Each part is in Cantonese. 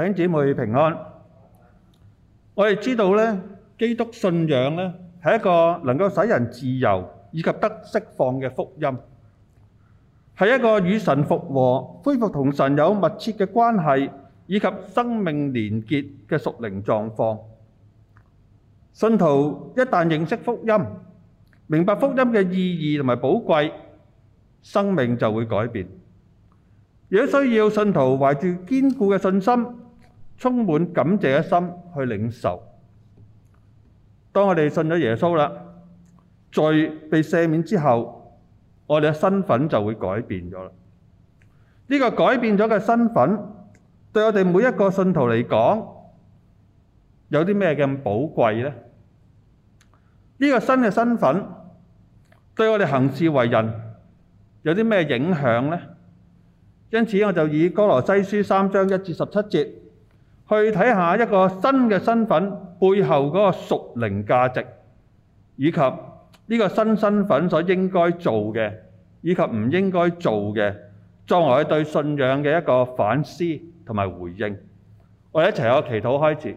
弟兄姊妹平安。我哋知道咧，基督信仰咧係一個能夠使人自由以及得釋放嘅福音，係一個與神復和、恢復同神有密切嘅關係以及生命連結嘅屬靈狀況。信徒一旦認識福音，明白福音嘅意義同埋寶貴，生命就會改變。如果需要信徒懷住堅固嘅信心。充滿感謝嘅心去領受。當我哋信咗耶穌啦，罪被赦免之後，我哋嘅身份就會改變咗啦。呢個改變咗嘅身份，對我哋每一個信徒嚟講，有啲咩咁寶貴呢？呢個新嘅身份，對我哋行事為人有啲咩影響呢？因此我就以歌羅西書三章一至十七節，去睇下一個新嘅身份背後嗰個屬靈價值，以及呢個新身份所應該做嘅，以及唔應該做嘅，作為佢對信仰嘅一個反思同埋回應。我哋一齊由祈禱開始。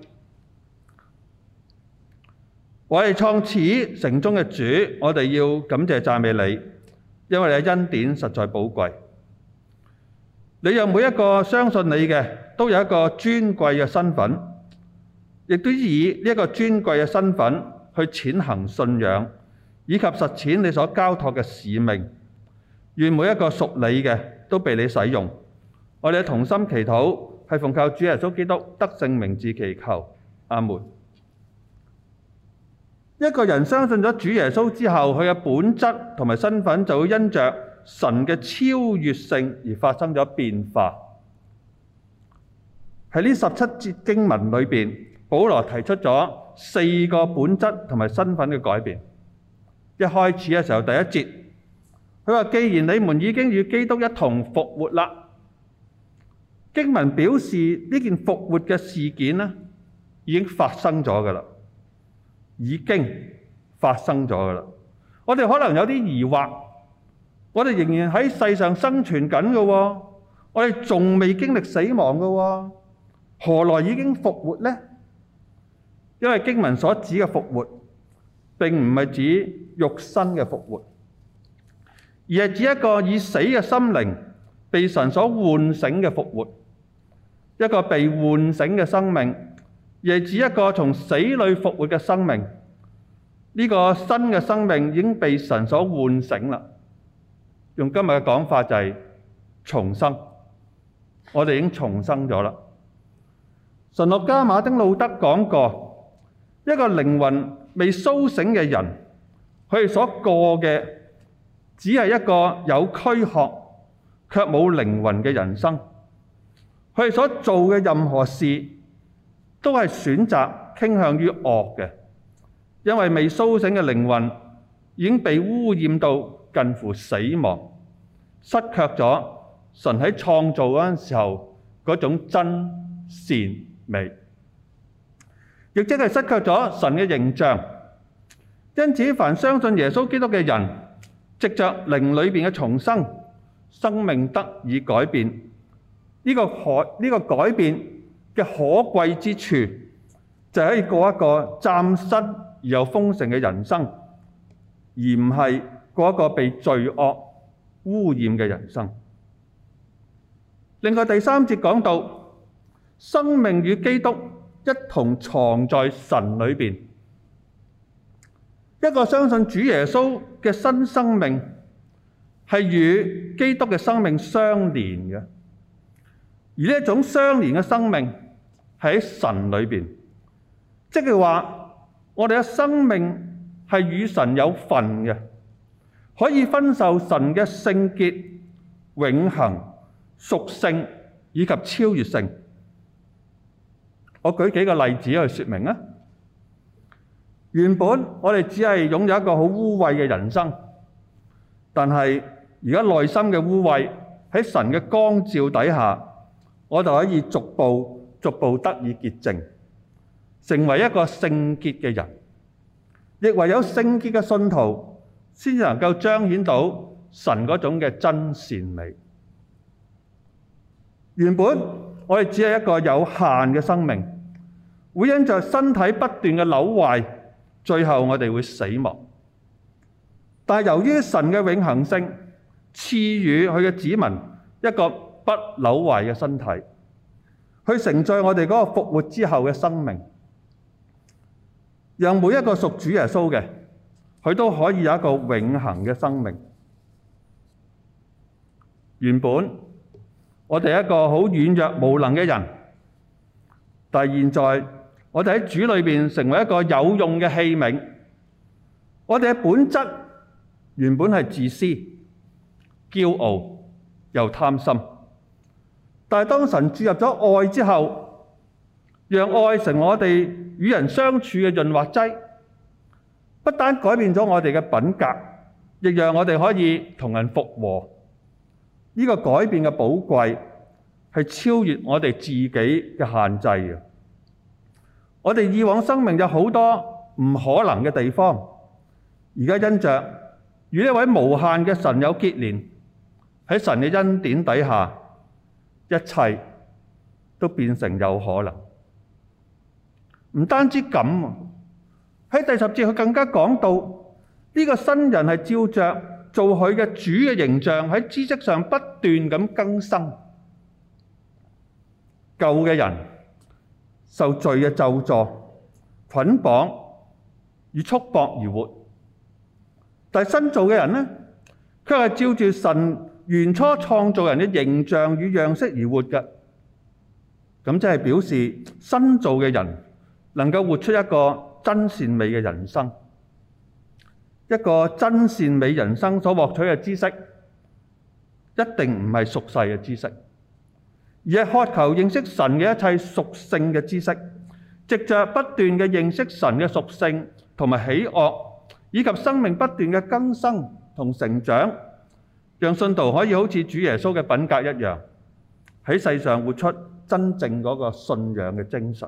我哋創始成終嘅主，我哋要感謝讚美你，因為你嘅恩典實在寶貴。你讓每一個相信你嘅都有一個尊貴嘅身份，亦都以呢一個尊貴嘅身份去踐行信仰，以及實踐你所交託嘅使命。願每一個屬你嘅都被你使用。我哋同心祈禱，係奉靠主耶穌基督得聖名至祈求。阿門。一個人相信咗主耶穌之後，佢嘅本質同埋身份就會因着。神嘅超越性而發生咗變化，喺呢十七節經文裏邊，保羅提出咗四個本質同埋身份嘅改變。一開始嘅時候，第一節，佢話：既然你們已經與基督一同復活啦，經文表示呢件復活嘅事件呢已經發生咗㗎喇，已經發生咗㗎喇。我哋可能有啲疑惑。我哋仍然喺世上生存緊㗎、哦，我哋仲未經歷死亡喎、哦。何來已經復活呢？因為經文所指嘅復活並唔係指肉身嘅復活，而係指一個以死嘅心靈被神所喚醒嘅復活，一個被喚醒嘅生命，而係指一個從死裏復活嘅生命。呢、這個新嘅生命已經被神所喚醒啦。用今日嘅講法就係重生，我哋已經重生咗啦。神學家馬丁路德講過，一個靈魂未甦醒嘅人，佢哋所過嘅只係一個有軀殼卻冇靈魂嘅人生，佢哋所做嘅任何事都係選擇傾向於惡嘅，因為未甦醒嘅靈魂已經被污染到近乎死亡。失卻咗神喺創造嗰陣時候嗰種真善美，亦即係失卻咗神嘅形象。因此，凡相信耶穌基督嘅人，藉着靈裏邊嘅重生，生命得以改變。呢、呢個改變嘅可貴之處，就係可以過一個暫失而又豐盛嘅人生，而唔係過一個被罪惡污染嘅人生。另外第三節講到，生命與基督一同藏在神裏邊。一個相信主耶穌嘅新生命，係與基督嘅生命相連嘅。而呢一種相連嘅生命，係喺神裏邊，即係話我哋嘅生命係與神有份嘅。可以分受神嘅聖潔、永恆、屬性以及超越性。我舉幾個例子去説明啊。原本我哋只係擁有一個好污穢嘅人生，但係而家內心嘅污穢喺神嘅光照底下，我就可以逐步逐步得以潔淨，成為一個聖潔嘅人。亦唯有聖潔嘅信徒。先至能夠彰顯到神嗰種嘅真善美。原本我哋只係一個有限嘅生命，會因着身體不斷嘅扭壞，最後我哋會死亡。但係由於神嘅永恆性，賜予佢嘅子民一個不扭壞嘅身體，去承載我哋嗰個復活之後嘅生命，讓每一個屬主耶穌嘅。佢都可以有一個永恆嘅生命。原本我哋係一個好軟弱無能嘅人，但係現在我哋喺主裏面成為一個有用嘅器皿。我哋嘅本質原本係自私、驕傲又貪心，但係當神注入咗愛之後，讓愛成為我哋與人相處嘅潤滑劑。不單改變咗我哋嘅品格，亦讓我哋可以同人復和。呢個改變嘅寶貴係超越我哋自己嘅限制嘅。我哋以往生命有好多唔可能嘅地方，而家因着與呢位無限嘅神有結連，喺神嘅恩典底下，一切都變成有可能。唔單止咁。喺第十節，佢更加講到呢個新人係照著做佢嘅主嘅形象喺知識上不斷咁更新。舊嘅人受罪嘅咒詛捆綁與束縛而活，但係新造嘅人呢，佢係照住神原初創造人嘅形象與樣式而活嘅。咁即係表示新造嘅人能夠活出一個真善美嘅人生，一個真善美人生所獲取嘅知識，一定唔係屬世嘅知識，而係渴求認識神嘅一切屬性嘅知識，藉着不斷嘅認識神嘅屬性同埋喜惡，以及生命不斷嘅更新同成長，讓信徒可以好似主耶穌嘅品格一樣，喺世上活出真正嗰個信仰嘅精神。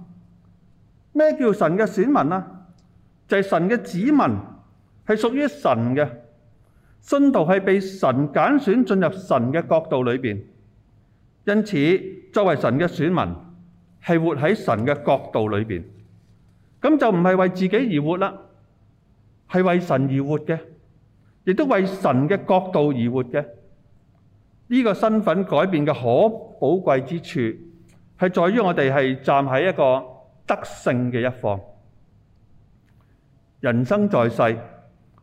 咩叫神嘅選民啊？就係、是、神嘅子民，係屬於神嘅信徒，係被神揀選進入神嘅國度裏邊。因此，作為神嘅選民，係活喺神嘅國度裏邊。咁就唔係為自己而活啦，係為神而活嘅，亦都為神嘅國度而活嘅。呢、這個身份改變嘅可寶貴之處，係在於我哋係站喺一個。得勝嘅一方，人生在世，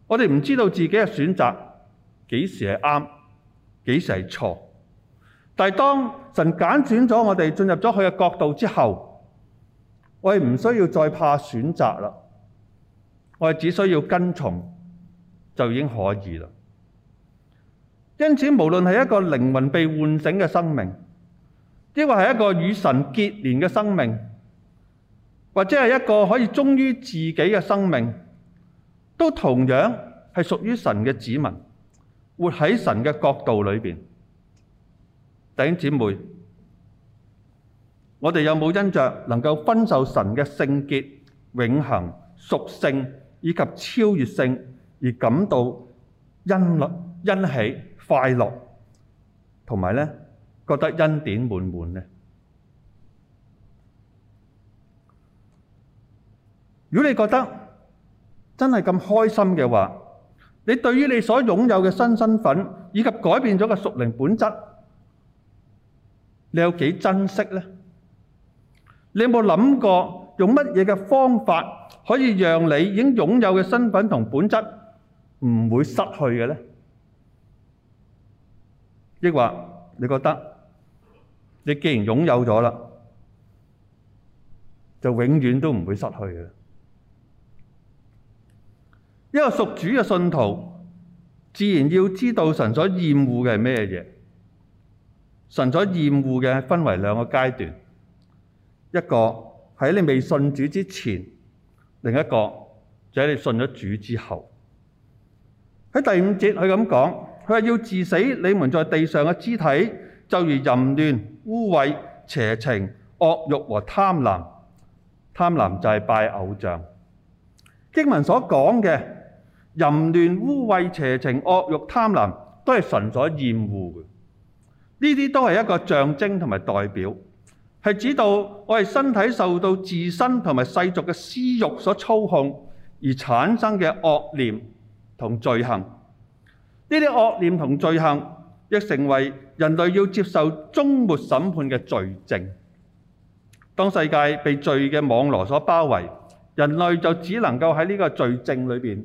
我哋唔知道自己嘅選擇幾時係啱，幾時係錯。但係當神揀選咗我哋，進入咗佢嘅國度之後，我哋唔需要再怕選擇啦，我哋只需要跟從就已經可以啦。因此，無論係一個靈魂被喚醒嘅生命，抑或係一個與神結連嘅生命。或者係一個可以忠於自己嘅生命，都同樣係屬於神嘅子民，活喺神嘅國度裏面。弟兄姊妹，我哋有冇因着能夠分受神嘅聖潔、永恆屬性以及超越性，而感到欣樂、欣喜、快樂，同埋呢覺得恩典滿滿呢？如果你覺得真係咁開心嘅話，你對於你所擁有嘅新身份以及改變咗嘅屬靈本質，你有幾珍惜咧？你有冇諗過用乜嘢嘅方法可以讓你已經擁有嘅身份同本質唔會失去嘅咧？抑或你覺得你既然擁有咗啦，就永遠都唔會失去嘅？一個屬主嘅信徒，自然要知道神所厭惡嘅係咩嘢。神所厭惡嘅，分為兩個階段。一個喺你未信主之前，另一個就喺你信咗主之後。喺第五節，佢咁講，佢話要致死你們在地上嘅肢體，就如淫亂、污穢、邪情、惡欲和貪婪。貪婪就係拜偶像。經文所講嘅。淫亂、污穢、邪情、惡欲、貪婪，都係神所厭惡嘅。呢啲都係一個象徵同埋代表，係指導我哋身體受到自身同埋世俗嘅私欲所操控而產生嘅惡念同罪行。呢啲惡念同罪行亦成為人類要接受終末審判嘅罪證。當世界被罪嘅網羅所包圍，人類就只能夠喺呢個罪證裏邊。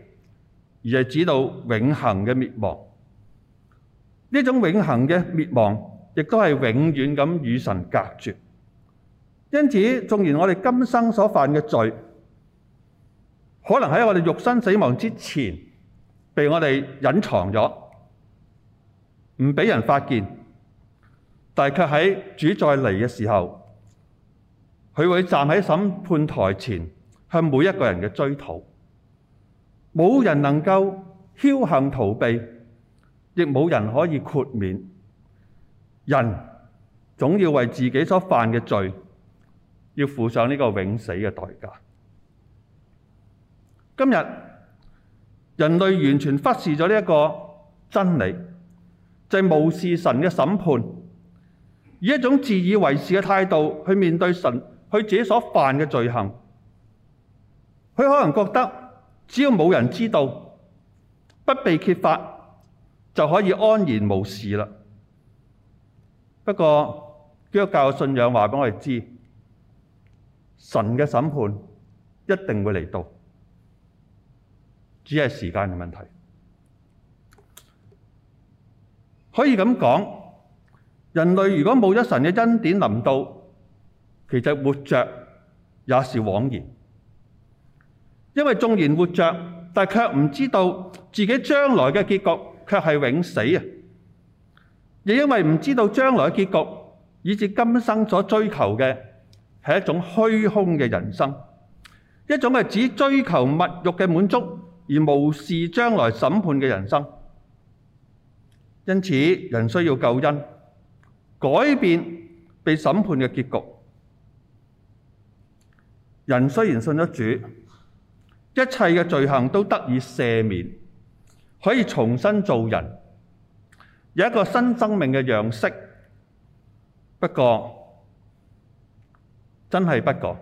而係指到永恆嘅滅亡，呢種永恆嘅滅亡，亦都係永遠咁與神隔絕。因此，縱然我哋今生所犯嘅罪，可能喺我哋肉身死亡之前，被我哋隱藏咗，唔俾人發現，但係卻喺主再嚟嘅時候，佢會站喺審判台前向每一個人嘅追討。冇人能夠僥倖逃避，亦冇人可以豁免。人總要為自己所犯嘅罪，要付上呢個永死嘅代價。今日人類完全忽視咗呢一個真理，就係無視神嘅審判，以一種自以為是嘅態度去面對神，去自己所犯嘅罪行。佢可能覺得。只要冇人知道，不被揭發，就可以安然無事啦。不過，基督教信仰話俾我哋知，神嘅審判一定會嚟到，只係時間嘅問題。可以咁講，人類如果冇咗神嘅恩典臨到，其實活着也是枉然。因為縱然活着，但係卻唔知道自己將來嘅結局，卻係永死啊！亦因為唔知道將來嘅結局，以至今生所追求嘅係一種虛空嘅人生，一種係只追求物欲嘅滿足而無視將來審判嘅人生。因此，人需要救恩，改變被審判嘅結局。人雖然信咗主。一切嘅罪行都得以赦免，可以重新做人，有一個新生命嘅樣式。不過，真係不過，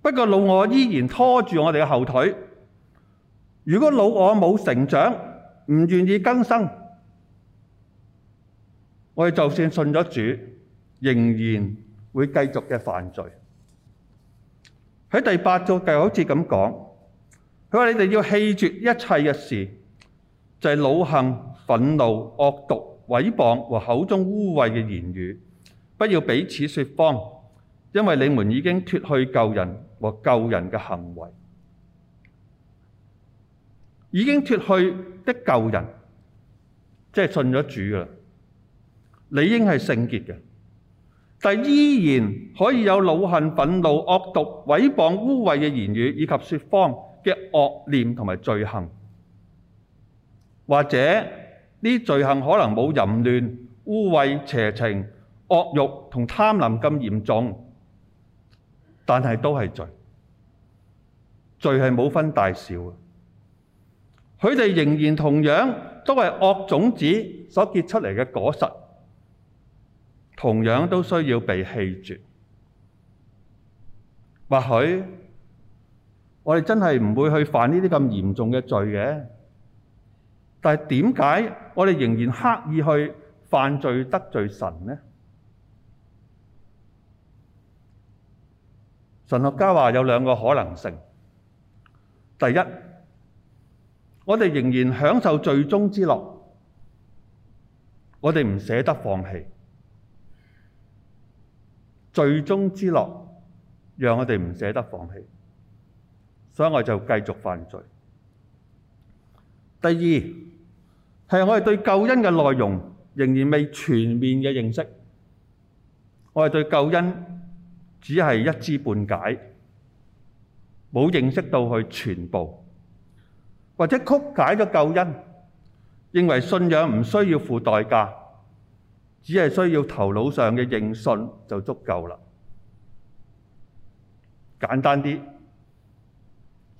不過老我依然拖住我哋嘅後腿。如果老我冇成長，唔願意更生，我哋就算信咗主，仍然會繼續嘅犯罪。喺第八節就好似咁講。佢話：你哋要棄絕一切嘅事，就係惱恨、憤怒、惡毒、毀謗和口中污穢嘅言語。不要彼此說謊，因為你們已經脫去舊人和舊人嘅行為。已經脫去的舊人，即係信咗主噶啦，理應係聖潔嘅，但依然可以有惱恨、憤怒、惡毒、毀謗、污穢嘅言語以及說謊。嘅惡念同埋罪行，或者呢啲罪行可能冇淫亂、污穢、邪情、惡欲同貪婪咁嚴重，但係都係罪，罪係冇分大小嘅。佢哋仍然同樣都係惡種子所結出嚟嘅果實，同樣都需要被棄絕。或許，我哋真係唔會去犯呢啲咁嚴重嘅罪嘅，但係點解我哋仍然刻意去犯罪得罪神呢？神學家話有兩個可能性：第一，我哋仍然享受罪中之樂，我哋唔捨得放棄；罪中之樂，讓我哋唔捨得放棄。所以我就繼續犯罪。第二，係我哋對救恩嘅內容仍然未全面嘅認識，我哋對救恩只係一知半解，冇認識到佢全部，或者曲解咗救恩，認為信仰唔需要付代價，只係需要頭腦上嘅認信就足夠啦。簡單啲。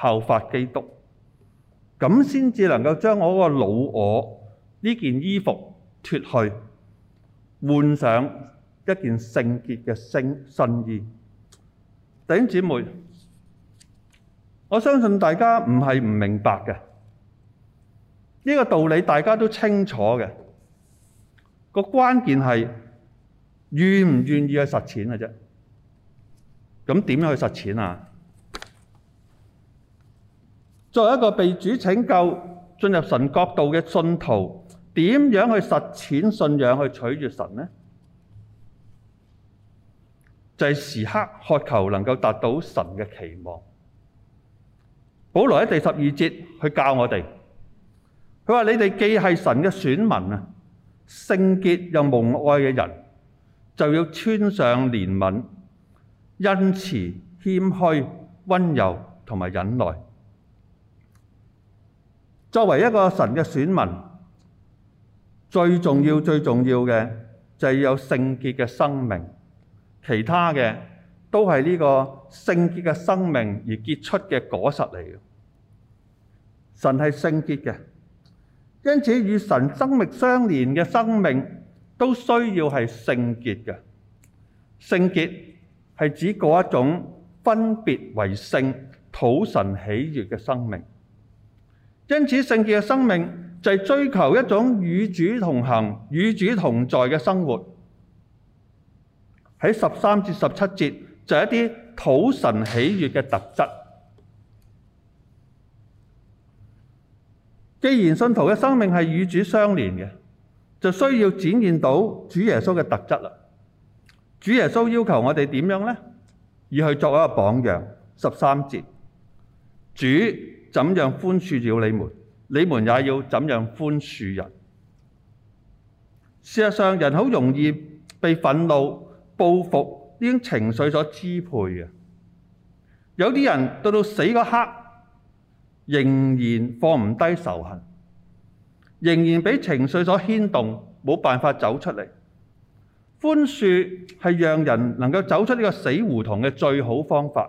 效法基督，咁先至能夠將我嗰個老我呢件衣服脫去，換上一件聖潔嘅新衣。弟兄姊妹，我相信大家唔係唔明白嘅，呢個道理大家都清楚嘅。個關鍵係願唔願意去實踐嘅啫。咁點樣去實踐啊？.作為一個被主拯救、進入神國度嘅信徒，點樣去實踐信仰去取悅神呢？就係、是、時刻渴求能夠達到神嘅期望。保羅喺第十二節去教我哋，佢話：你哋既係神嘅選民啊，聖潔又蒙愛嘅人，就要穿上憐憫、恩慈、慈慈謙虛、溫柔同埋忍耐。作為一個神嘅選民，最重要、最重要嘅就係有聖潔嘅生命，其他嘅都係呢個聖潔嘅生命而結出嘅果實嚟嘅。神係聖潔嘅，因此與神生命相連嘅生命都需要係聖潔嘅。聖潔係指嗰一種分別為聖、討神喜悦嘅生命。因此，聖潔嘅生命就係、是、追求一種與主同行、與主同在嘅生活。喺十三至十七節就是、一啲討神喜悅嘅特質。既然信徒嘅生命係與主相連嘅，就需要展現到主耶穌嘅特質啦。主耶穌要求我哋點樣呢？要去做一個榜樣。十三節，主。怎樣寬恕咗你們，你們也要怎樣寬恕人。事實上，人好容易被憤怒、報復呢種情緒所支配嘅。有啲人到到死嗰刻，仍然放唔低仇恨，仍然俾情緒所牽動，冇辦法走出嚟。寬恕係讓人能夠走出呢個死胡同嘅最好方法。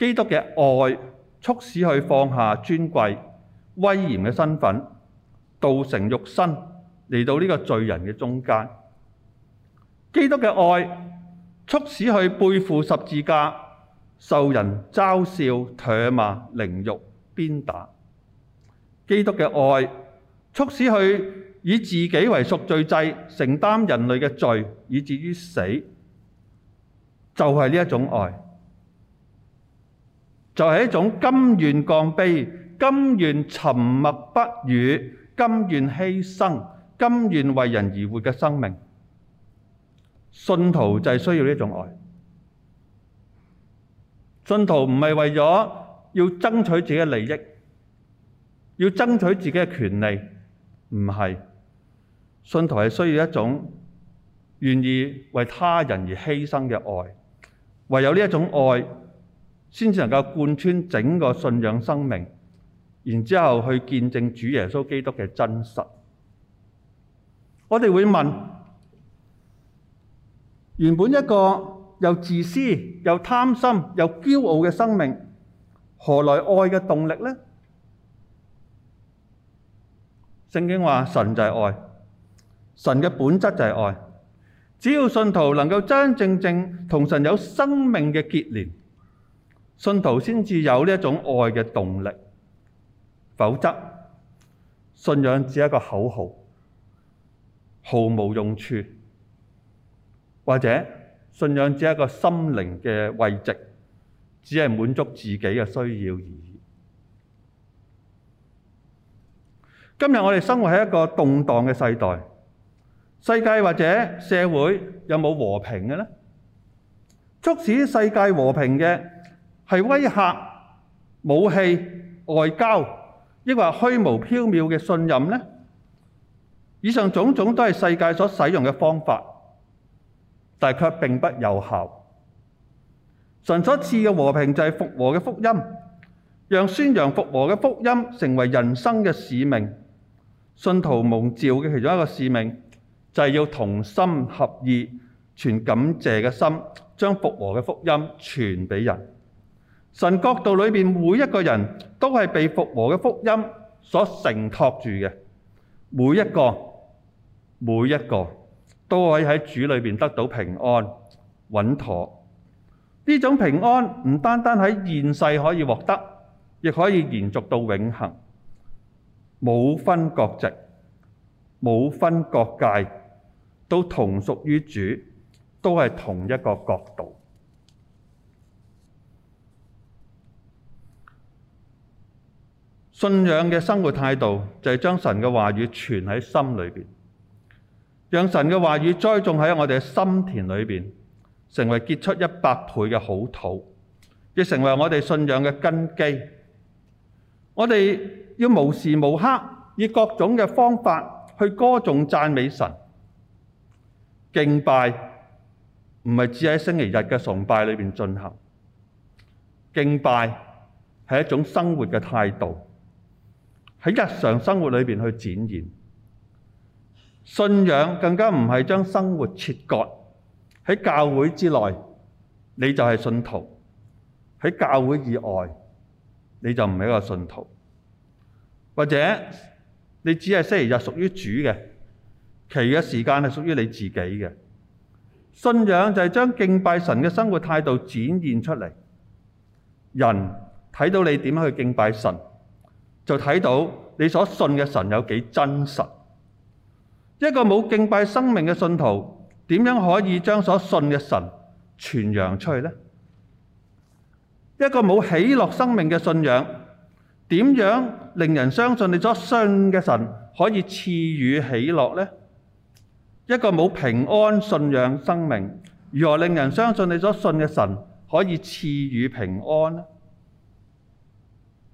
基督嘅愛促使佢放下尊貴、威嚴嘅身份，道成肉身，嚟到呢個罪人嘅中間。基督嘅愛促使佢背負十字架，受人嘲笑、唾罵、凌辱、鞭打。基督嘅愛促使佢以自己為贖罪祭，承擔人類嘅罪，以至於死，就係呢一種愛。就係一種甘願降卑、甘願沉默不語、甘願犧牲、甘願為人而活嘅生命。信徒就係需要呢種愛。信徒唔係為咗要爭取自己嘅利益，要爭取自己嘅權利，唔係。信徒係需要一種願意為他人而犧牲嘅愛，唯有呢一種愛。先至能夠貫穿整個信仰生命，然之後去見證主耶穌基督嘅真實。我哋會問：原本一個又自私、又貪心、又驕傲嘅生命，何來愛嘅動力呢？聖經話：神就係愛，神嘅本質就係愛。只要信徒能夠真真正正同神有生命嘅結連。信徒先至有呢一種愛嘅動力，否則信仰只係一個口號，毫無用處，或者信仰只係一個心靈嘅慰藉，只係滿足自己嘅需要而已。今日我哋生活喺一個動盪嘅世代，世界或者社會有冇和平嘅呢？促使世界和平嘅？係威嚇、武器、外交，亦或虛無縹緲嘅信任咧。以上種種都係世界所使用嘅方法，但卻並不有效。神所賜嘅和平就係復和嘅福音，讓宣揚復和嘅福音成為人生嘅使命。信徒蒙召嘅其中一個使命，就係要同心合意、存感謝嘅心，將復和嘅福音傳俾人。神國度裏面，每一個人都係被復和嘅福音所承托住嘅，每一個每一個都可以喺主裏面得到平安穩妥。呢種平安唔單單喺現世可以獲得，亦可以延續到永恆。冇分國籍，冇分國界，都同屬於主，都係同一個國度。信仰嘅生活態度就係將神嘅話語存喺心裏面，讓神嘅話語栽種喺我哋嘅心田裏面，成為結出一百倍嘅好土，亦成為我哋信仰嘅根基。我哋要無時無刻以各種嘅方法去歌頌讚美神，敬拜唔係只喺星期日嘅崇拜裏面進行，敬拜係一種生活嘅態度。喺日常生活裏面去展現信仰，更加唔係將生活切割喺教會之內，你就係信徒；喺教會以外，你就唔係一個信徒。或者你只係星期日屬於主嘅，其餘嘅時間係屬於你自己嘅。信仰就係將敬拜神嘅生活態度展現出嚟，人睇到你點樣去敬拜神。就睇到你所信嘅神有幾真實？一個冇敬拜生命嘅信徒，點樣可以將所信嘅神傳揚出去呢？一個冇喜樂生命嘅信仰，點樣令人相信你所信嘅神可以賜予喜樂呢？一個冇平安信仰生命，如何令人相信你所信嘅神可以賜予平安呢？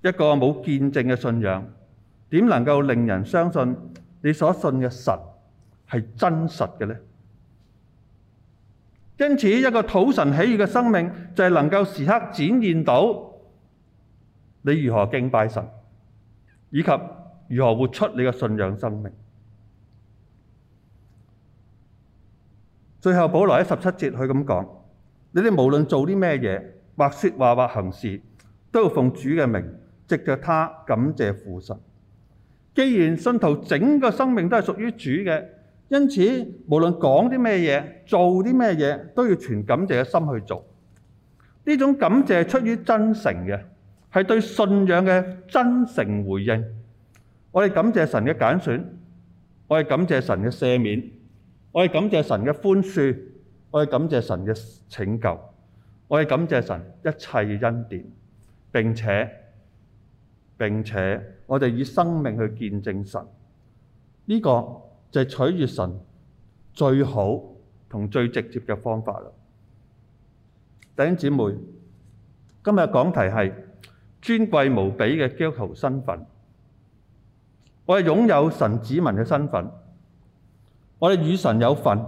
一個冇見證嘅信仰，點能夠令人相信你所信嘅神係真實嘅呢？因此，一個土神喜悅嘅生命就係、是、能夠時刻展現到你如何敬拜神，以及如何活出你嘅信仰生命。最後，保羅喺十七節佢咁講：，你哋無論做啲咩嘢，或說話或行事，都要奉主嘅名。」藉著他感謝父神。既然信徒整個生命都係屬於主嘅，因此無論講啲咩嘢、做啲咩嘢，都要全感謝嘅心去做。呢種感謝係出於真誠嘅，係對信仰嘅真誠回應。我哋感謝神嘅揀選，我哋感謝神嘅赦免，我哋感謝神嘅寬恕，我哋感謝神嘅拯救，我哋感謝神一切嘅恩典。並且。並且我哋以生命去見證神，呢、這個就係取悅神最好同最直接嘅方法啦。弟兄姊妹，今日講題係尊貴無比嘅基督徒身份。我哋擁有神子民嘅身份，我哋與神有份，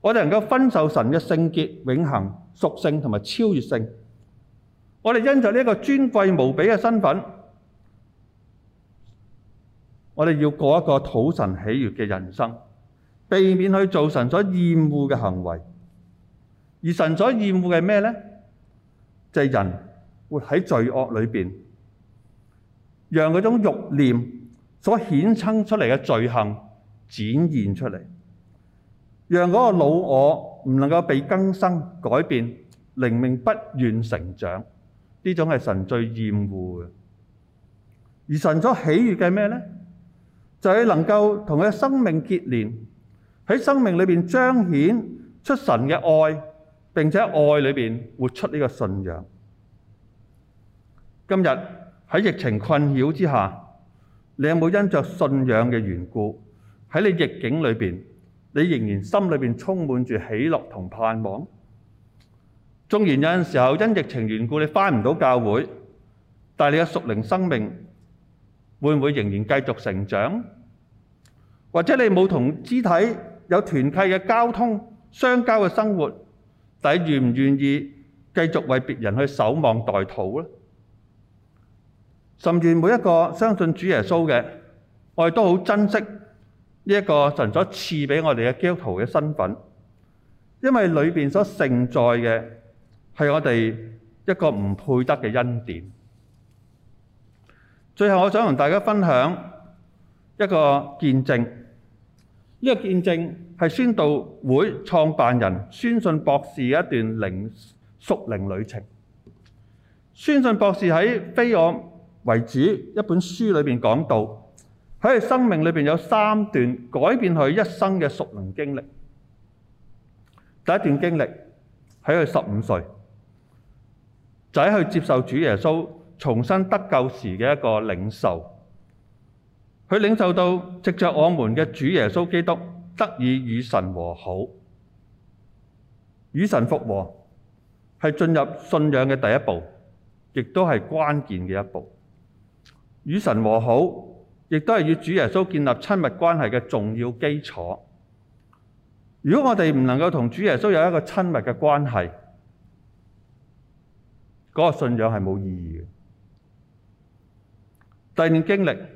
我哋能夠分受神嘅聖潔、永恆、屬性同埋超越性。我哋因著呢一個尊貴無比嘅身份。我哋要過一個討神喜悦嘅人生，避免去做神所厭惡嘅行為。而神所厭惡嘅咩咧？就係、是、人活喺罪惡裏邊，讓嗰種慾念所衍生出嚟嘅罪行展現出嚟，讓嗰個老我唔能夠被更生改變，靈命不願成長。呢種係神最厭惡嘅。而神所喜悦嘅咩咧？佢能夠同佢嘅生命結連，喺生命裏邊彰顯出神嘅愛，並且愛裏邊活出呢個信仰。今日喺疫情困擾之下，你有冇因著信仰嘅緣故，喺你逆境裏邊，你仍然心裏邊充滿住喜樂同盼望？縱然有陣時候因疫情緣故你返唔到教會，但係你嘅屬靈生命會唔會仍然繼續成長？或者你冇同肢體有團契嘅交通、相交嘅生活，你願唔願意繼續為別人去守望代禱咧？甚至每一個相信主耶穌嘅，我哋都好珍惜呢一個神所賜俾我哋嘅基督徒嘅身份，因為裏邊所盛載嘅係我哋一個唔配得嘅恩典。最後，我想同大家分享一個見證。呢個見證係宣道會創辦人宣信博士一段靈屬靈旅程。宣信博士喺《非我為主》一本書裏面講到，喺佢生命裏面有三段改變佢一生嘅屬靈經歷。第一段經歷喺佢十五歲，仔佢接受主耶穌重新得救時嘅一個領受。佢領受到藉着我們嘅主耶穌基督得以與神和好，與神復和係進入信仰嘅第一步，亦都係關鍵嘅一步。與神和好，亦都係與主耶穌建立親密關係嘅重要基礎。如果我哋唔能夠同主耶穌有一個親密嘅關係，嗰、那個信仰係冇意義嘅。第二經歷。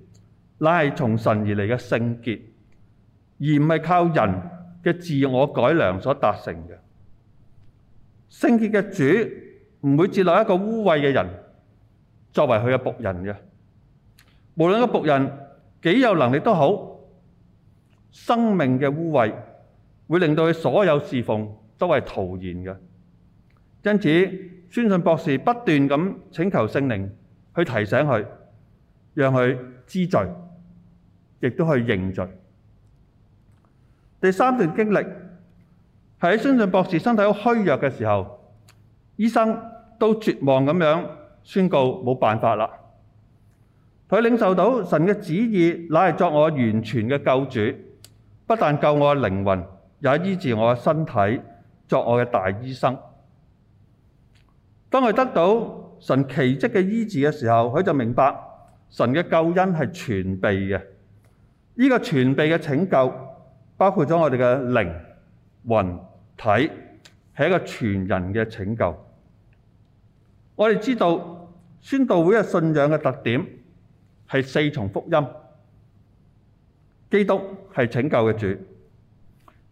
乃係從神而嚟嘅聖潔，而唔係靠人嘅自我改良所達成嘅。聖潔嘅主唔會接納一個污穢嘅人作為佢嘅僕人嘅。無論個僕人幾有能力都好，生命嘅污穢會令到佢所有侍奉都係徒然嘅。因此，宣信博士不斷咁請求聖靈去提醒佢，讓佢知罪。亦都去認罪。第三段經歷係喺宣信博士身體好虛弱嘅時候，醫生都絕望咁樣宣告冇辦法啦。佢領受到神嘅旨意，乃係作我的完全嘅救主，不但救我嘅靈魂，也醫治我嘅身體，作我嘅大醫生。當佢得到神奇蹟嘅醫治嘅時候，佢就明白神嘅救恩係全備嘅。呢個全備嘅拯救包括咗我哋嘅靈、魂、體，係一個全人嘅拯救。我哋知道宣道會嘅信仰嘅特點係四重福音。基督係拯救嘅主，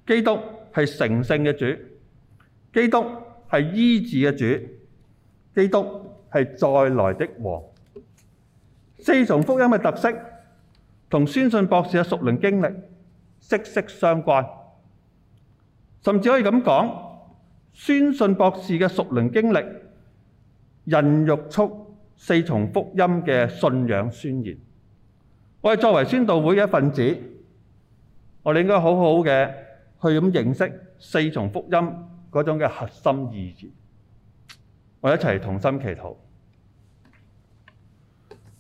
基督係成聖嘅主，基督係醫治嘅主，基督係再來的王。四重福音嘅特色。同宣信博士嘅屬靈經歷息息相關，甚至可以咁講，宣信博士嘅屬靈經歷孕育出四重福音嘅信仰宣言。我哋作為宣道會嘅一份子，我哋應該好好嘅去咁認識四重福音嗰種嘅核心意義。我哋一齊同心祈禱，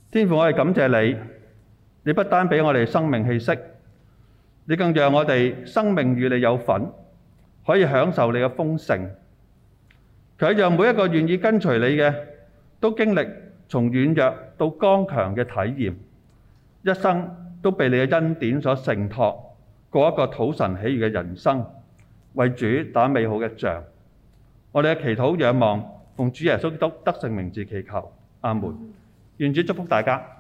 天父，我哋感謝你。你不單俾我哋生命氣息，你更讓我哋生命與你有份，可以享受你嘅豐盛。佢讓每一個願意跟隨你嘅，都經歷從軟弱到剛強嘅體驗，一生都被你嘅恩典所承托，過一個土神喜悅嘅人生，為主打美好嘅仗。我哋嘅祈禱仰望，奉主耶穌基督得勝名字祈求，阿門。願主祝福大家。